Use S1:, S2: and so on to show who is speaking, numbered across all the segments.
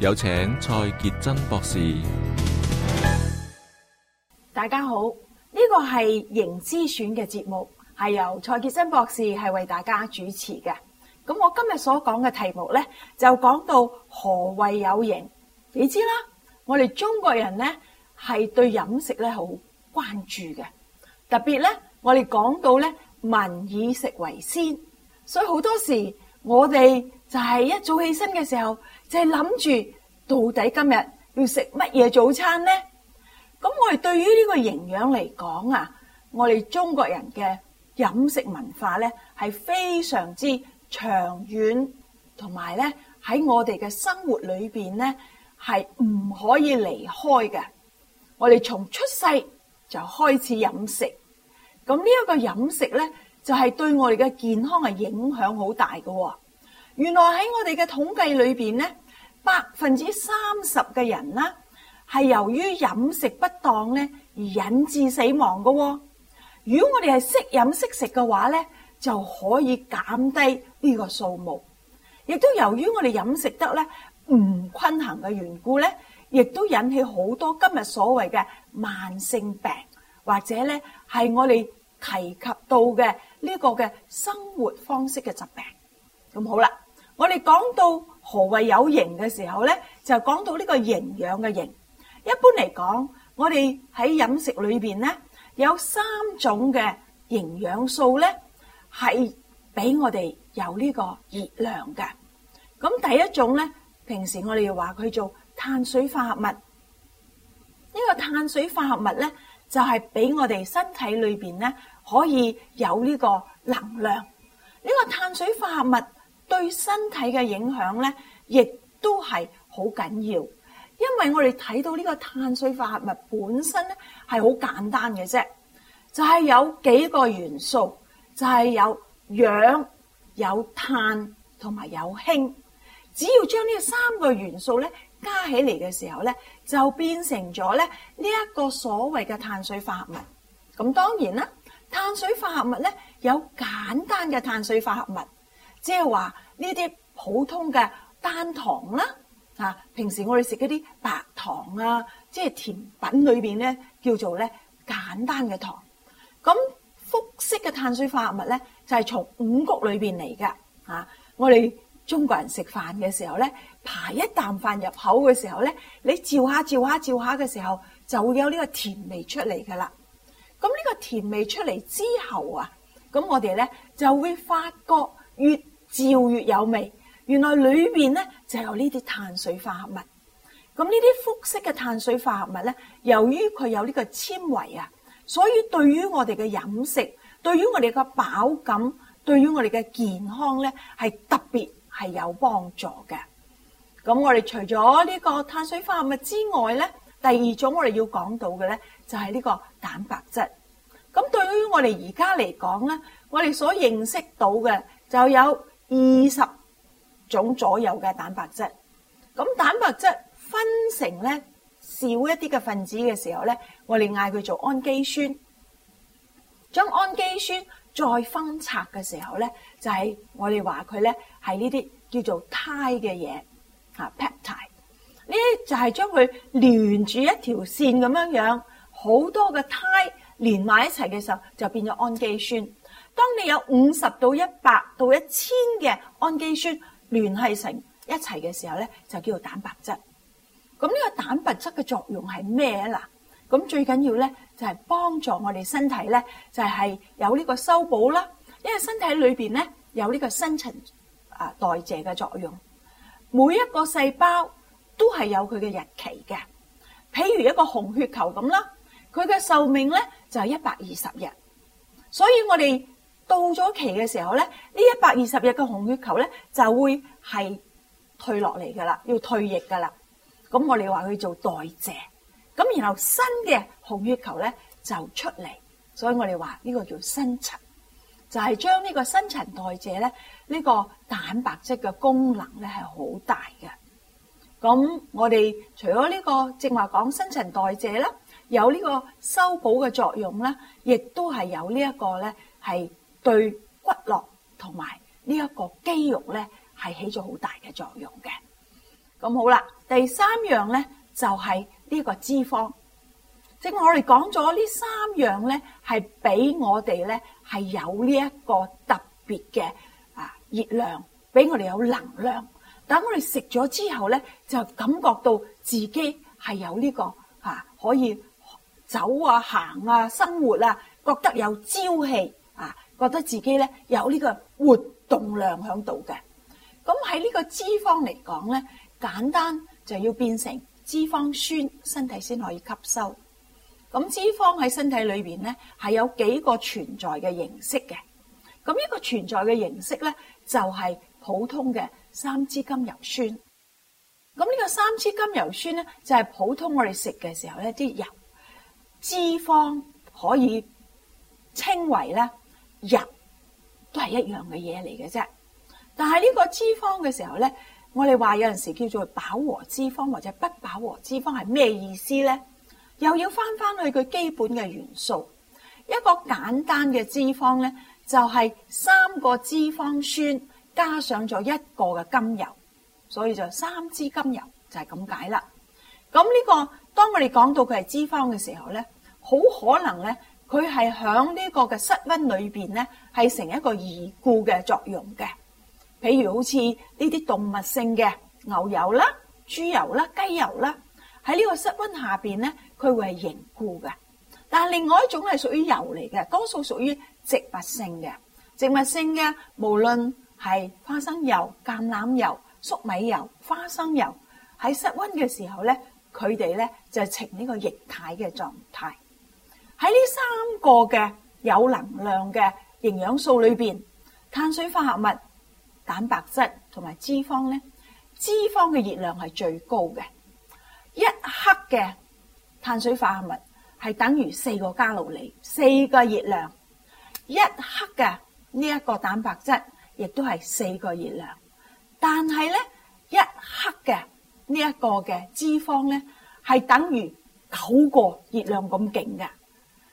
S1: 有請蔡潔珍博士。
S2: 大家好，呢個係營之選嘅節目，係由蔡潔珍博士係為大家主持嘅。咁我今日所講嘅題目咧，就講到何為有營。你知啦，我哋中國人咧係對飲食咧好關注嘅，特別咧我哋講到咧民以食為先，所以好多時我哋就係一早起身嘅時候就係諗住。到底今日要食乜嘢早餐呢？咁我哋對於呢個營養嚟講啊，我哋中國人嘅飲食文化咧係非常之長遠，同埋咧喺我哋嘅生活裏邊咧係唔可以離開嘅。我哋從出世就開始飲食，咁呢一個飲食咧就係對我哋嘅健康係影響好大嘅。原來喺我哋嘅統計裏邊咧。百分之三十嘅人啦，係由於飲食不當咧而引致死亡噶如果我哋係識飲識食嘅話咧，就可以減低呢個數目。亦都由於我哋飲食得咧唔均衡嘅緣故咧，亦都引起好多今日所謂嘅慢性病，或者咧係我哋提及到嘅呢個嘅生活方式嘅疾病。咁好啦，我哋講到。何為有營嘅時候咧？就講到呢個營養嘅營。一般嚟講，我哋喺飲食裏邊咧，有三種嘅營養素咧，係俾我哋有呢個熱量嘅。咁第一種咧，平時我哋又話佢做碳水化合物。呢個碳水化合物咧，就係俾我哋身體裏邊咧可以有呢個能量。呢個碳水化合物。對身體嘅影響咧，亦都係好緊要，因為我哋睇到呢個碳水化合物本身咧係好簡單嘅啫，就係有幾個元素，就係有氧、有碳同埋有氫。只要將呢三個元素咧加起嚟嘅時候咧，就變成咗咧呢一個所謂嘅碳水化合物。咁當然啦，碳水化合物咧有簡單嘅碳水化合物。即係話呢啲普通嘅單糖啦，啊，平時我哋食嗰啲白糖啊，即係甜品裏邊咧叫做咧簡單嘅糖。咁複式嘅碳水化合物咧就係從五穀裏邊嚟㗎，啊，我哋中國人食飯嘅時候咧，扒一啖飯入口嘅時候咧，你照一下照一下，照一下嘅時候就會有呢個甜味出嚟㗎啦。咁呢個甜味出嚟之後啊，咁我哋咧就會發覺越照越有味，原來裏面咧就有呢啲碳水化合物。咁呢啲複式嘅碳水化合物咧，由於佢有呢個纖維啊，所以對於我哋嘅飲食，對於我哋嘅飽感，對於我哋嘅健康咧，係特別係有幫助嘅。咁我哋除咗呢個碳水化合物之外咧，第二種我哋要講到嘅咧，就係呢個蛋白質。咁對於我哋而家嚟講咧，我哋所認識到嘅就有，二十種左右嘅蛋白質，咁蛋白質分成咧少一啲嘅分子嘅時候咧，我哋嗌佢做氨基酸。將氨基酸再分拆嘅時候咧，就係我哋話佢咧係呢啲叫做肽嘅嘢，p 啊肽肽。呢就係將佢連住一條線咁樣樣，好多嘅肽連埋一齊嘅時候，就變咗氨基酸。當你有五十到一百到一千嘅氨基酸聯繫成一齊嘅時候咧，就叫做蛋白質。咁呢個蛋白質嘅作用係咩？嗱，咁最緊要咧就係幫助我哋身體咧，就係有呢個修補啦。因為身體裏邊咧有呢個新陳啊代謝嘅作用，每一個細胞都係有佢嘅日期嘅。譬如一個紅血球咁啦，佢嘅壽命咧就係一百二十日，所以我哋。到咗期嘅時候咧，呢一百二十日嘅紅血球咧就會係退落嚟噶啦，要退役噶啦。咁我哋話佢做代謝，咁然後新嘅紅血球咧就出嚟，所以我哋話呢個叫新陳，就係將呢個新陳代謝咧，呢個蛋白質嘅功能咧係好大嘅。咁我哋除咗呢個正話講新陳代謝啦，有呢個修補嘅作用啦，亦都係有呢一個咧係。對骨骼同埋呢一個肌肉咧，係起咗好大嘅作用嘅。咁好啦，第三樣咧就係呢個脂肪。即係我哋講咗呢三樣咧，係俾我哋咧係有呢一個特別嘅啊熱量，俾我哋有能量。等我哋食咗之後咧，就感覺到自己係有呢個啊可以走啊行啊生活啊，覺得有朝氣啊。覺得自己咧有呢個活動量喺度嘅，咁喺呢個脂肪嚟講咧，簡單就要變成脂肪酸，身體先可以吸收。咁脂肪喺身體裏邊咧係有幾個存在嘅形式嘅。咁呢個存在嘅形式咧就係普通嘅三脂甘油酸。咁呢個三脂甘油酸咧就係普通我哋食嘅時候咧啲油脂肪可以稱為咧。入都係一樣嘅嘢嚟嘅啫，但係呢個脂肪嘅時候咧，我哋話有陣時叫做飽和脂肪或者不飽和脂肪係咩意思咧？又要翻翻去佢基本嘅元素，一個簡單嘅脂肪咧就係三個脂肪酸加上咗一個嘅甘油，所以就三脂甘油就係咁解啦。咁、這、呢個當我哋講到佢係脂肪嘅時候咧，好可能咧。佢係喺呢個嘅室温裏邊咧，係成一個凝固嘅作用嘅。譬如好似呢啲動物性嘅牛油啦、豬油啦、雞油啦，喺呢個室温下邊咧，佢會係凝固嘅。但係另外一種係屬於油嚟嘅，多數屬於植物性嘅。植物性嘅無論係花生油、橄欖油、粟米油、花生油，喺室温嘅時候咧，佢哋咧就呈呢個液態嘅狀態。喺呢三個嘅有能量嘅營養素裏邊，碳水化合物、蛋白質同埋脂肪咧，脂肪嘅熱量係最高嘅。一克嘅碳水化合物係等於四個加路里，四個熱量。一克嘅呢一個蛋白質亦都係四個熱量，但係咧一克嘅呢一個嘅脂肪咧係等於九個熱量咁勁嘅。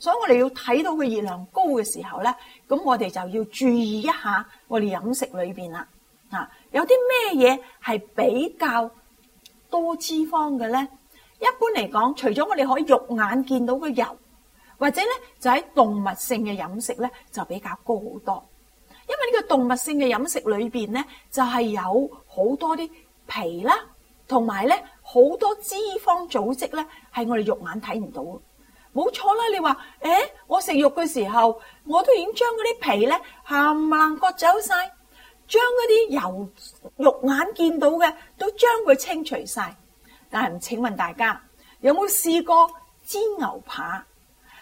S2: 所以我哋要睇到佢熱量高嘅時候咧，咁我哋就要注意一下我哋飲食裏邊啦，啊，有啲咩嘢係比較多脂肪嘅咧？一般嚟講，除咗我哋可以肉眼見到嘅油，或者咧就喺動物性嘅飲食咧就比較高好多，因為呢個動物性嘅飲食裏邊咧就係有好多啲皮啦，同埋咧好多脂肪組織咧係我哋肉眼睇唔到。冇錯啦，你話，誒，我食肉嘅時候，我都已經將嗰啲皮咧，冚唪唥割走晒，將嗰啲油肉眼見到嘅，都將佢清除晒。但係唔，請問大家，有冇試過煎牛扒？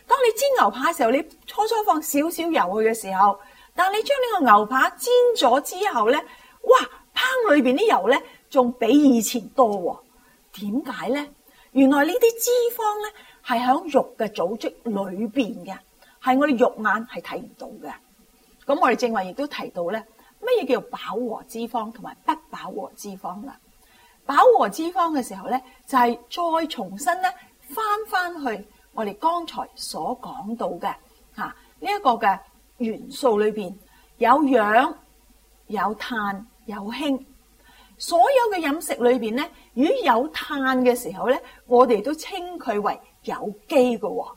S2: 當你煎牛扒嘅時候，你初初放少少油去嘅時候，但係你將呢個牛扒煎咗之後咧，哇，烹裏邊啲油咧，仲比以前多，點解咧？原來呢啲脂肪咧係喺肉嘅組織裏邊嘅，係我哋肉眼係睇唔到嘅。咁我哋正話亦都提到咧，乜嘢叫飽和脂肪同埋不飽和脂肪啦？飽和脂肪嘅時候咧，就係再重新咧返返去我哋剛才所講到嘅嚇呢一個嘅元素裏邊，有氧、有碳、有氫。所有嘅飲食裏面咧，如果有碳嘅時候咧，我哋都稱佢為有機嘅喎。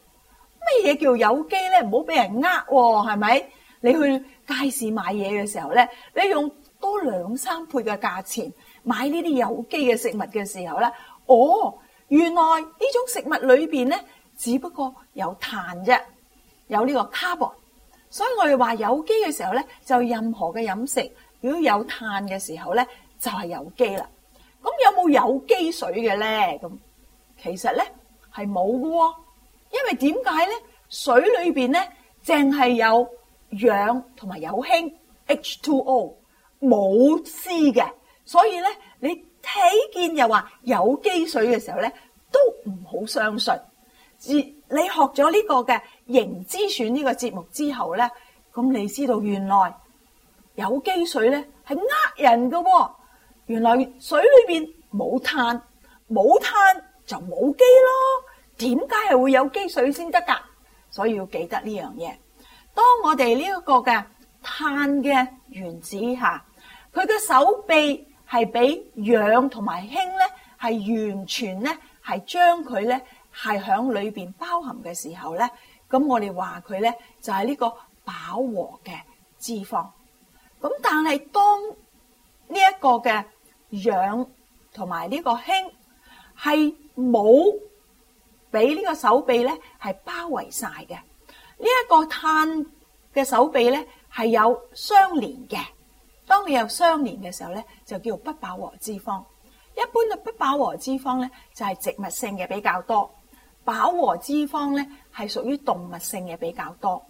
S2: 咩嘢叫有機咧？唔好俾人呃喎、哦，係咪？你去街市買嘢嘅時候咧，你用多兩三倍嘅價錢買呢啲有機嘅食物嘅時候咧，哦，原來呢種食物裏面咧，只不過有碳啫，有呢個 carbon。所以我哋話有機嘅時候咧，就任何嘅飲食如果有碳嘅時候咧，就係有機啦，咁有冇有，有機水嘅咧？咁其實咧係冇嘅喎，因為點解咧？水裏邊咧淨係有氧同埋有氫 H2O，冇 C 嘅，所以咧你睇見又話有機水嘅時候咧都唔好相信。自你學咗呢個嘅營資選呢個節目之後咧，咁你知道原來有機水咧係呃人嘅喎。原來水裏邊冇碳，冇碳就冇基咯。點解係會有基水先得噶？所以要記得呢樣嘢。當我哋呢一個嘅碳嘅原子吓，佢嘅手臂係比氧同埋氫咧，係完全咧係將佢咧係喺裏邊包含嘅時候咧，咁我哋話佢咧就係呢個飽和嘅脂肪。咁但係當呢一個嘅氧同埋呢個氫係冇俾呢個手臂咧，係包圍晒嘅。呢一個碳嘅手臂咧係有相連嘅。當你有相連嘅時候咧，就叫做不飽和脂肪。一般嘅不飽和脂肪咧就係植物性嘅比較多，飽和脂肪咧係屬於動物性嘅比較多。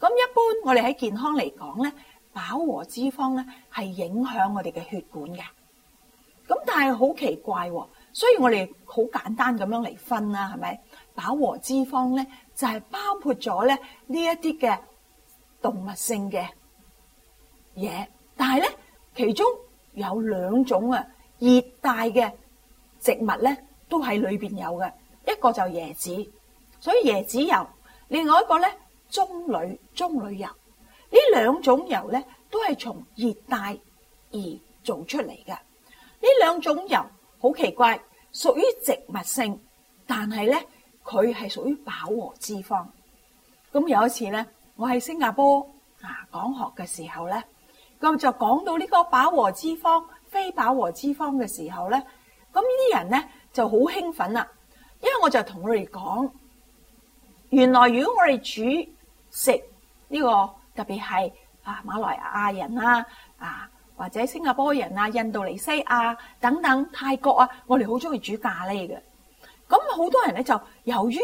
S2: 咁一般我哋喺健康嚟講咧，飽和脂肪咧係影響我哋嘅血管嘅。咁但係好奇怪喎，所以我哋好簡單咁樣嚟分啦，係咪飽和脂肪咧？就係包括咗咧呢一啲嘅動物性嘅嘢。但係咧，其中有兩種啊熱帶嘅植物咧都喺裏邊有嘅，一個就椰子，所以椰子油，另外一個咧棕櫚，棕櫚油，呢兩種油咧都係從熱帶而做出嚟嘅。呢兩種油好奇怪，屬於植物性，但係咧佢係屬於飽和脂肪。咁有一次咧，我喺新加坡啊講學嘅時候咧，咁就講到呢個飽和脂肪、非飽和脂肪嘅時候咧，咁呢啲人咧就好興奮啦，因為我就同佢哋講，原來如果我哋煮食呢個特別係啊馬來亞人啦啊。或者新加坡人啊、印度尼西亞等等、泰國啊，我哋好中意煮咖喱嘅。咁好多人咧就由於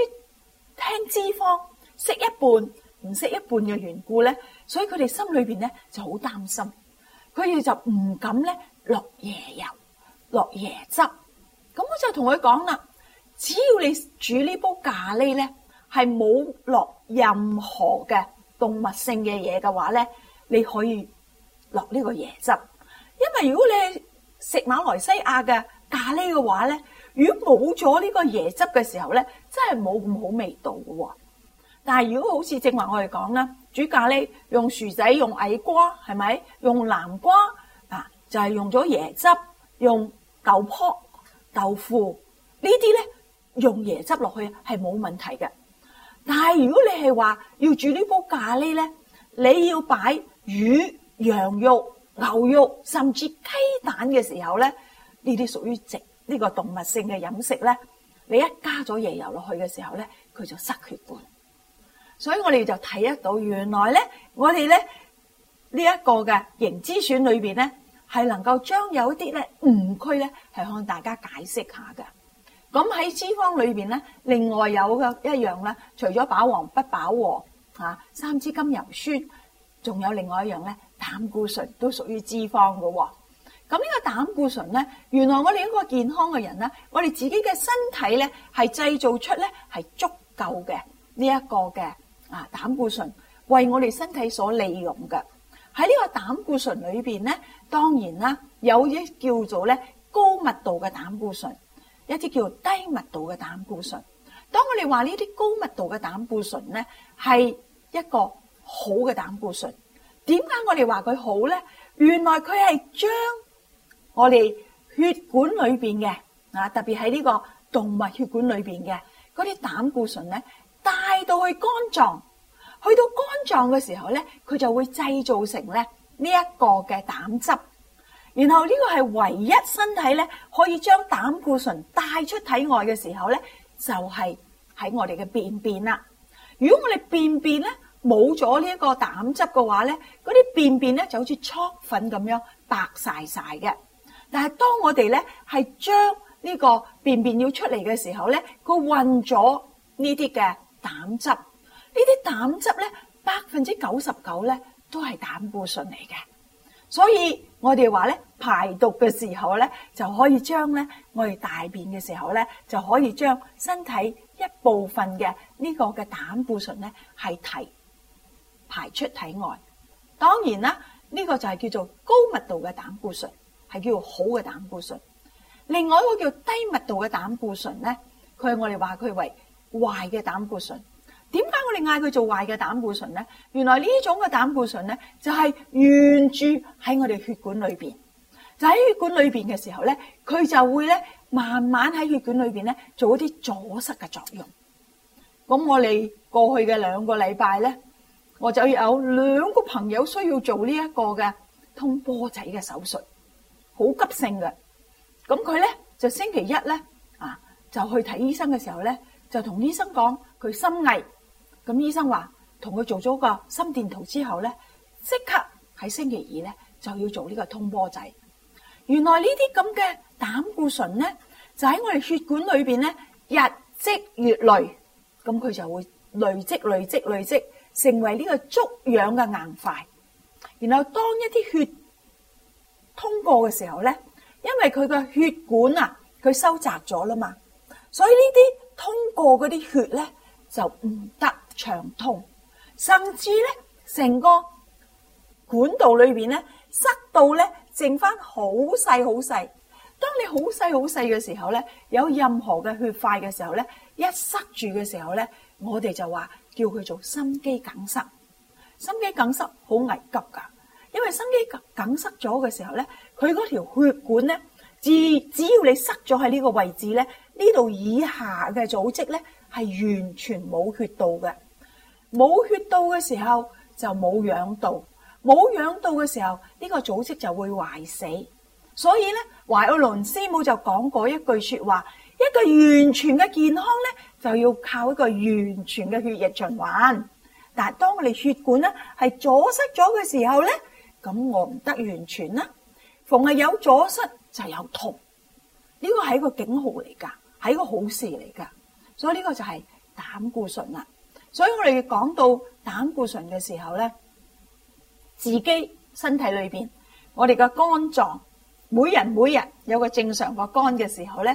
S2: 聽脂肪識一半唔識一半嘅緣故咧，所以佢哋心裏邊咧就好擔心，佢哋就唔敢咧落椰油、落椰汁。咁我就同佢講啦，只要你煮呢煲咖喱咧，係冇落任何嘅動物性嘅嘢嘅話咧，你可以。落呢個椰汁，因為如果你食馬來西亞嘅咖喱嘅話咧，如果冇咗呢個椰汁嘅時候咧，真係冇咁好味道嘅喎。但係如果好似正話我哋講啦，煮咖喱用薯仔、用矮瓜係咪？用南瓜啊，就係、係、用咗椰汁、用豆卜、豆腐呢啲呢啲咧，用椰汁落去係冇問題嘅。但係如果你係話要煮呢煲咖喱咧，你要擺魚、羊肉、牛肉甚至雞蛋嘅時候咧，呢啲屬於植呢個動物性嘅飲食咧，你一加咗椰油落去嘅時候咧，佢就塞血管。所以我哋就睇得到，原來咧，我哋咧呢一個嘅營脂選裏邊咧，係能夠將有啲咧誤區咧，係向大家解釋下嘅。咁喺脂肪裏邊咧，另外有嘅一樣咧，除咗飽和不飽和啊，三脂甘油酸，仲有另外一樣咧。膽固醇都屬於脂肪嘅，咁呢個膽固醇咧，原來我哋一個健康嘅人咧，我哋自己嘅身體咧係製造出咧係足夠嘅呢一個嘅啊膽固醇，為我哋身體所利用嘅。喺呢個膽固醇裏邊咧，當然啦，有啲叫做咧高密度嘅膽固醇，一啲叫低密度嘅膽固醇。當我哋話呢啲高密度嘅膽固醇咧，係一個好嘅膽固醇。點解我哋話佢好咧？原來佢係將我哋血管裏邊嘅啊，特別喺呢個動物血管裏邊嘅嗰啲膽固醇咧，帶到去肝臟，去到肝臟嘅時候咧，佢就會製造成咧呢一個嘅膽汁。然後呢個係唯一身體咧可以將膽固醇帶出體外嘅時候咧，就係喺我哋嘅便便啦。如果我哋便便咧，冇咗呢一個膽汁嘅話咧，嗰啲便便咧就好似搓粉咁樣白曬曬嘅。但係當我哋咧係將呢個便便要出嚟嘅時候咧，佢混咗呢啲嘅膽汁，呢啲膽汁咧百分之九十九咧都係膽固醇嚟嘅。所以我哋話咧排毒嘅時候咧，就可以將咧我哋大便嘅時候咧就可以將身體一部分嘅呢個嘅膽固醇咧係提，排出體外，當然啦，呢個就係叫做高密度嘅膽固醇，係叫好嘅膽固醇。另外一個叫低密度嘅膽固醇咧，佢係我哋話佢為壞嘅膽固醇。點解我哋嗌佢做壞嘅膽固醇咧？原來呢種嘅膽固醇咧，就係沿住喺我哋血管裏邊，就喺血管裏邊嘅時候咧，佢就會咧慢慢喺血管裏邊咧做一啲阻塞嘅作用。咁我哋過去嘅兩個禮拜咧，我就有兩個朋友需要做呢一個嘅通波仔嘅手術，好急性嘅。咁佢咧就星期一咧啊，就去睇醫生嘅時候咧，就同醫生講佢心翳。咁醫生話同佢做咗個心電圖之後咧，即刻喺星期二咧就要做呢個通波仔。原來呢啲咁嘅膽固醇咧，就喺我哋血管裏邊咧日積月累，咁佢就會累積累積累積。成為呢個粥樣嘅硬塊，然後當一啲血通過嘅時候咧，因為佢嘅血管啊，佢收窄咗啦嘛，所以呢啲通過嗰啲血咧就唔得暢通，甚至咧成個管道裏邊咧塞到咧剩返好細好細。當你好細好細嘅時候咧，有任何嘅血塊嘅時候咧，一塞住嘅時候咧，我哋就話，叫佢做心肌梗塞，心肌梗塞好危急㗎，因為心肌梗塞咗嘅時候咧，佢嗰條血管咧，只只要你塞咗喺呢個位置咧，呢度以下嘅組織咧係完全冇血道嘅，冇血道嘅時候就冇氧到，冇氧到嘅時候呢、呢個組織就會壞死，所以咧懷裔倫斯母就講過一句說話。一個完全嘅健康咧，就要靠一個完全嘅血液循環。但係當我哋血管咧係阻塞咗嘅時候咧，咁我唔得完全啦。逢係有阻塞就係有痛，呢個係一個警號嚟噶，係一個好事嚟噶。所以呢個就係膽固醇啦。所以我哋講到膽固醇嘅時候咧，自己身體裏邊，我哋嘅肝臟，每人每日有個正常個肝嘅時候咧。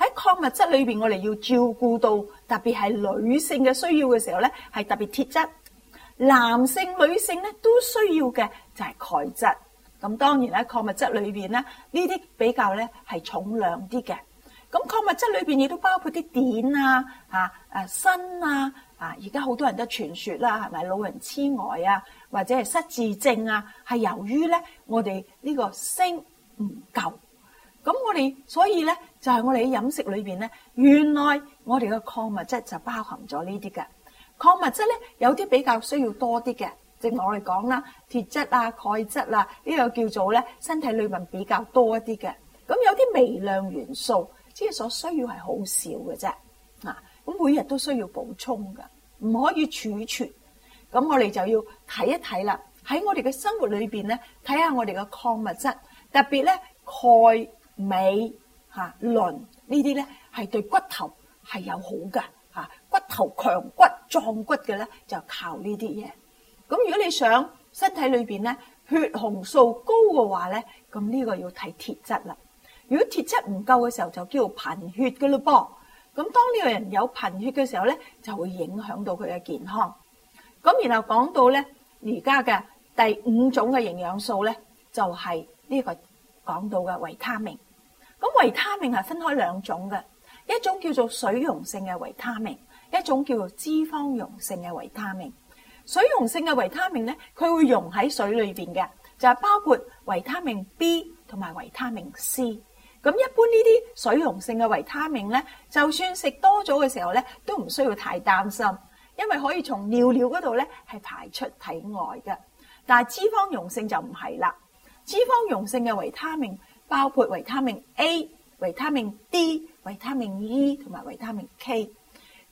S2: 喺礦物質裏邊，我哋要照顧到特別係女性嘅需要嘅時候咧，係特別是鐵質。男性、女性咧都需要嘅就係鈣質。咁當然咧，礦物質裏邊咧呢啲比較咧係重量啲嘅。咁礦物質裏邊亦都包括啲碘啊、嚇、誒、鋅啊、啊。而家好多人都傳説啦，係咪老人痴呆啊，或者係失智症啊，係由於咧我哋呢個鋅唔夠。咁我哋所以咧。就係我哋喺飲食裏面咧，原來我哋嘅礦物質就包含咗呢啲嘅礦物質咧，有啲比較需要多啲嘅。正如我哋講啦，鐵質啊、鈣質啊，呢個叫做咧身體裏面比較多一啲嘅。咁有啲微量元素，即係所需要係好少嘅啫。嗱，咁每日都需要補充㗎，唔可以儲存。咁我哋就要睇一睇啦，喺我哋嘅生活裏面咧，睇下我哋嘅礦物質，特別咧鈣、鎂。吓，磷呢啲咧係對骨頭係有好噶吓，骨頭強骨壯骨嘅咧就靠呢啲嘢。咁如果你想身體裏邊咧血紅素高嘅話咧，咁、這、呢個要睇鐵質啦。如果鐵質唔夠嘅時候，就叫做貧血嘅咯噃。咁當呢個人有貧血嘅時候咧，就會影響到佢嘅健康。咁然後講到咧而家嘅第五種嘅營養素咧，就係呢個講到嘅維他命。咁維他命係分開兩種嘅，一種叫做水溶性嘅維他命，一種叫做脂肪溶性嘅維他命。水溶性嘅維他命咧，佢會溶喺水裏面嘅，就係包括維他命 B 同埋維他命 C。咁一般呢啲水溶性嘅維他命咧，就算食多咗嘅時候咧，都唔需要太擔心，因為可以從尿尿嗰度咧係排出體外嘅。但係脂肪溶性就唔係啦，脂肪溶性嘅維他命。包括維他命 A、維他命 D、維他命 E 同埋維他命 K。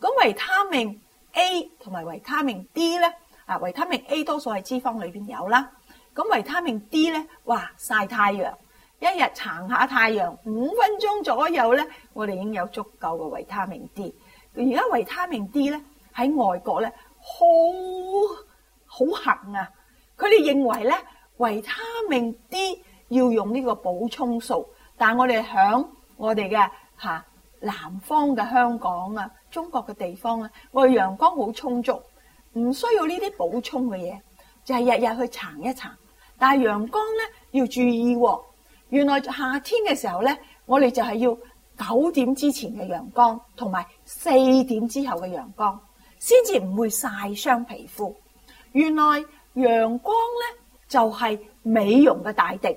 S2: 咁維他命 A 同埋維他命 D 咧，啊維他命 A 多數係脂肪裏邊有啦。咁維他命 D 咧，哇晒太陽，一日撐下太陽五分鐘左右咧，我哋已經有足夠嘅維他命 D。而家維他命 D 咧喺外國咧，好好行啊！佢哋認為咧，維他命 D。要用呢個補充素，但係我哋喺我哋嘅南方嘅香港啊，中國嘅地方啊，我哋陽光好充足，唔需要呢啲補充嘅嘢，就係日日去曬一曬。但係陽光咧要注意喎，原來夏天嘅時候咧，我哋就係要九點之前嘅陽光同埋四點之後嘅陽光，先至唔會曬傷皮膚。原來陽光咧就係美容嘅大敵。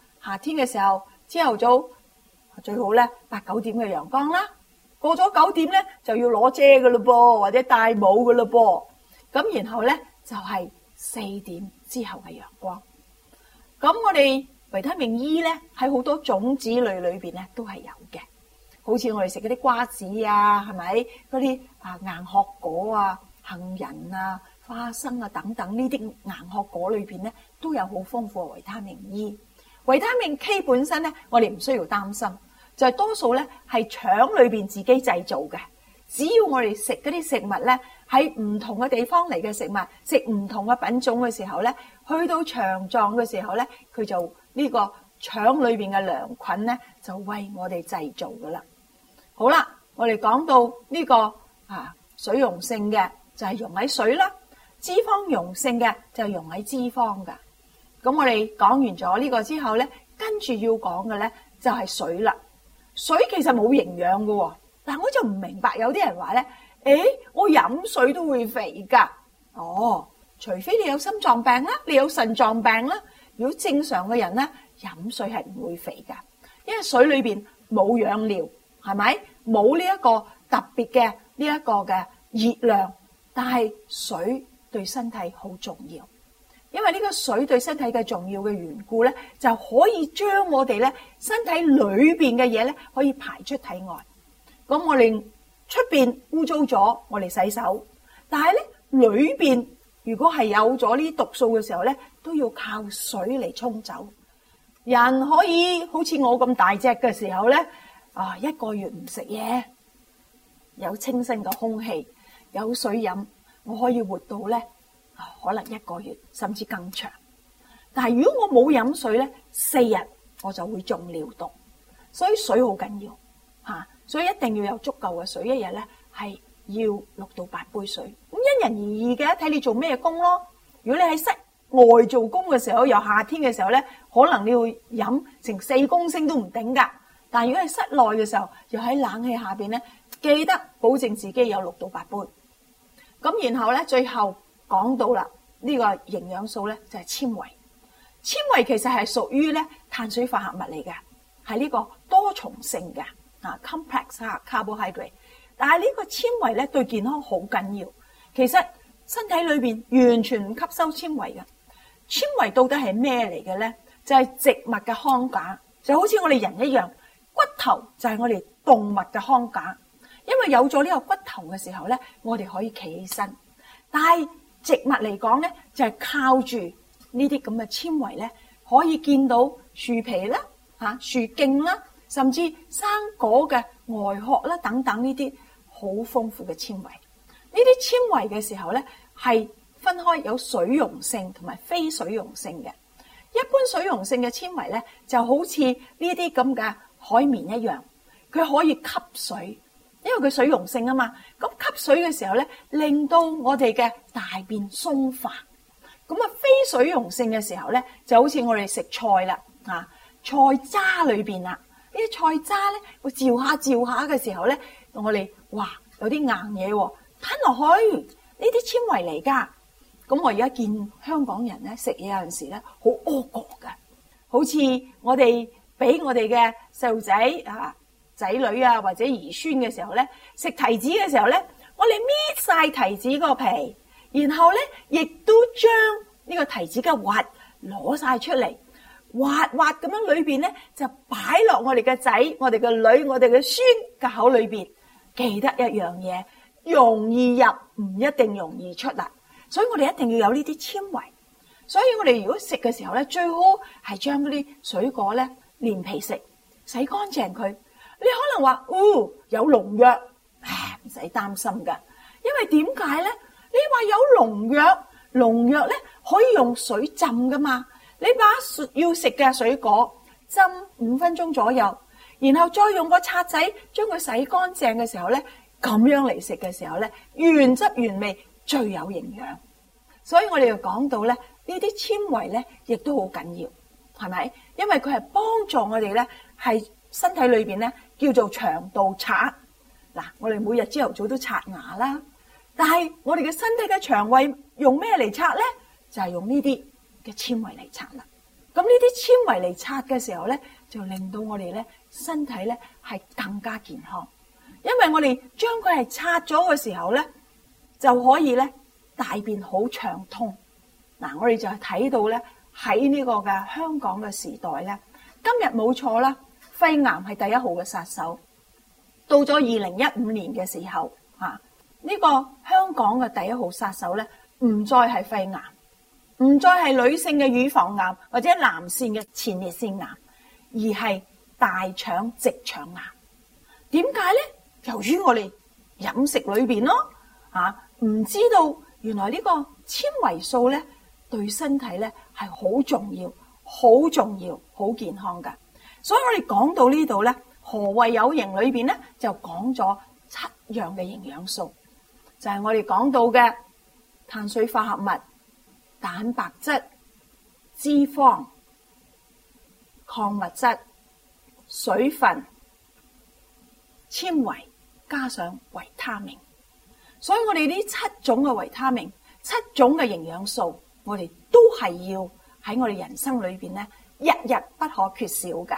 S2: 夏天嘅時候，朝頭早最好咧，八九點嘅陽光啦。過咗九點咧，就要攞遮嘅咯噃，或者戴帽嘅咯噃。咁然後咧就係四點之後嘅陽光。咁我哋維他命 E 咧喺好多種子類裏邊咧都係有嘅，好似我哋食嗰啲瓜子啊，係咪嗰啲啊硬殼果啊、杏仁啊、花生啊等等呢啲硬殼果裏邊咧都有好豐富嘅維他命 E。維他命 K 本身咧，我哋唔需要擔心，就係多數咧係腸裏面自己製造嘅。只要我哋食嗰啲食物咧，喺唔同嘅地方嚟嘅食物，食唔同嘅品種嘅時候咧，去到腸臟嘅時候咧，佢就呢個腸裏面嘅良菌咧，就為我哋製造噶啦。好啦，我哋講到呢個啊，水溶性嘅就係溶喺水啦，脂肪溶性嘅就係溶喺脂肪噶。咁我哋講完咗呢個之後咧，跟住要講嘅咧就係水啦。水其實冇營養噶，嗱我就唔明白有啲人話咧，誒，我飲水都會肥噶。哦，除非你有心臟病啦，你有腎臟病啦。如果正常嘅人咧，飲水係唔會肥噶，因為水裏邊冇養料，係咪？冇呢一個特別嘅呢一個嘅熱量，但係水對身體好重要。因為呢個水對身體嘅重要嘅緣故咧，就可以將我哋咧身體裏邊嘅嘢咧可以排出體外。咁我哋出邊污糟咗，我哋洗手。但係咧裏邊如果係有咗呢毒素嘅時候咧，都要靠水嚟沖走。人可以好似我咁大隻嘅時候咧，啊，一個月唔食嘢，有清新嘅空氣，有水飲，我可以活到咧。可能一個月甚至更長，但係如果我冇飲水咧，四日我就會中尿毒，所以水好緊要吓，所以一定要有足夠嘅水。一日咧係要六到八杯水，咁因人而異嘅，睇你做咩工咯。如果你喺室外做工嘅時候，又夏天嘅時候咧，可能你要飲成四公升都唔頂噶。但係如果喺室內嘅時候，又喺冷氣下邊咧，記得保證自己有六到八杯咁。然後咧最後。講到啦，呢、這個營養素咧就係纖維，纖維其實係屬於咧碳水化合物嚟嘅，係呢個多重性嘅啊 complex 啊 carbohydrate。維但係呢個纖維咧對健康好緊要，其實身體裏邊完全唔吸收纖維嘅纖維到底係咩嚟嘅咧？就係、是、植物嘅框架，就好似我哋人一樣，骨頭就係我哋動物嘅框架，因為有咗呢個骨頭嘅時候咧，我哋可以企起身，但係。植物嚟講咧，就係靠住呢啲咁嘅纖維咧，可以見到樹皮啦、嚇樹莖啦，甚至生果嘅外殼啦等等呢啲好豐富嘅纖維。呢啲纖維嘅時候咧，係分開有水溶性同埋非水溶性嘅。一般水溶性嘅纖維咧，就好似呢啲咁嘅海綿一樣，佢可以吸水。因為佢水溶性啊嘛，咁吸水嘅時候咧，令到我哋嘅大便鬆化。咁啊，非水溶性嘅時候咧，就好似我哋食菜啦，嚇菜渣裏邊啊，呢啲菜渣咧，會嚼下嚼下嘅時候咧，我哋哇有啲硬嘢㗎，吞落去呢啲纖維嚟㗎。咁我而家見香港人咧，食嘢有陣時咧好惡覺㗎，好似我哋俾我哋嘅細路仔啊。仔女啊，或者兒孫嘅時候咧，食提子嘅時候咧，我哋搣晒提子個皮，然後咧亦都將個滑滑呢個提子嘅核攞晒出嚟，滑滑咁樣裏邊咧就擺落我哋嘅仔、我哋嘅女、我哋嘅孫嘅口裏邊，記得一樣嘢，容易入唔一定容易出啦，所以我哋一定要有呢啲纖維。所以我哋如果食嘅時候咧，最好係將嗰啲水果咧連皮食，洗乾淨佢。你可能話，哦，有農藥，唉，唔使擔心㗎。因為點解咧？你話有農藥，農藥咧可以用水浸㗎嘛。你把要食嘅水果浸五分鐘左右，然後再用個刷仔將佢洗乾淨嘅時候咧，咁樣嚟食嘅時候咧，原汁原味最有營養。所以我哋就講到咧，呢啲纖維咧亦都好緊要，係咪？因為佢係幫助我哋咧，係身體裏面咧。叫做腸道刷。嗱，我哋每日朝頭早都刷牙啦，但係我哋嘅身體嘅腸胃用咩嚟刷咧？就係用呢啲嘅纖維嚟刷啦。咁呢啲纖維嚟刷嘅時候咧，就令到我哋咧身體咧係更加健康，因為我哋將佢係刷咗嘅時候咧，就可以咧大便好暢通。嗱，我哋就係睇到咧喺呢個嘅香港嘅時代咧，今日冇錯啦。肺癌係第一號嘅殺手，到咗二零一五年嘅時候，吓呢個香港嘅第一號殺手咧，唔再係肺癌，唔再係女性嘅乳房癌或者男性嘅前列腺癌，而係大腸直腸癌。點解咧？由於我哋飲食裏邊咯，吓唔知道原來呢個纖維素咧，對身體咧係好重要、好重要、好健康噶。所以我哋講到呢度咧，何謂有營裏邊咧，就講咗七樣嘅營養素，就係我哋講到嘅碳水化合物、蛋白質、脂肪、礦物質、水分、纖維，加上維他命。所以我哋呢七種嘅維他命、七種嘅營養素，我哋都係要喺我哋人生裏邊咧，日日不可缺少嘅。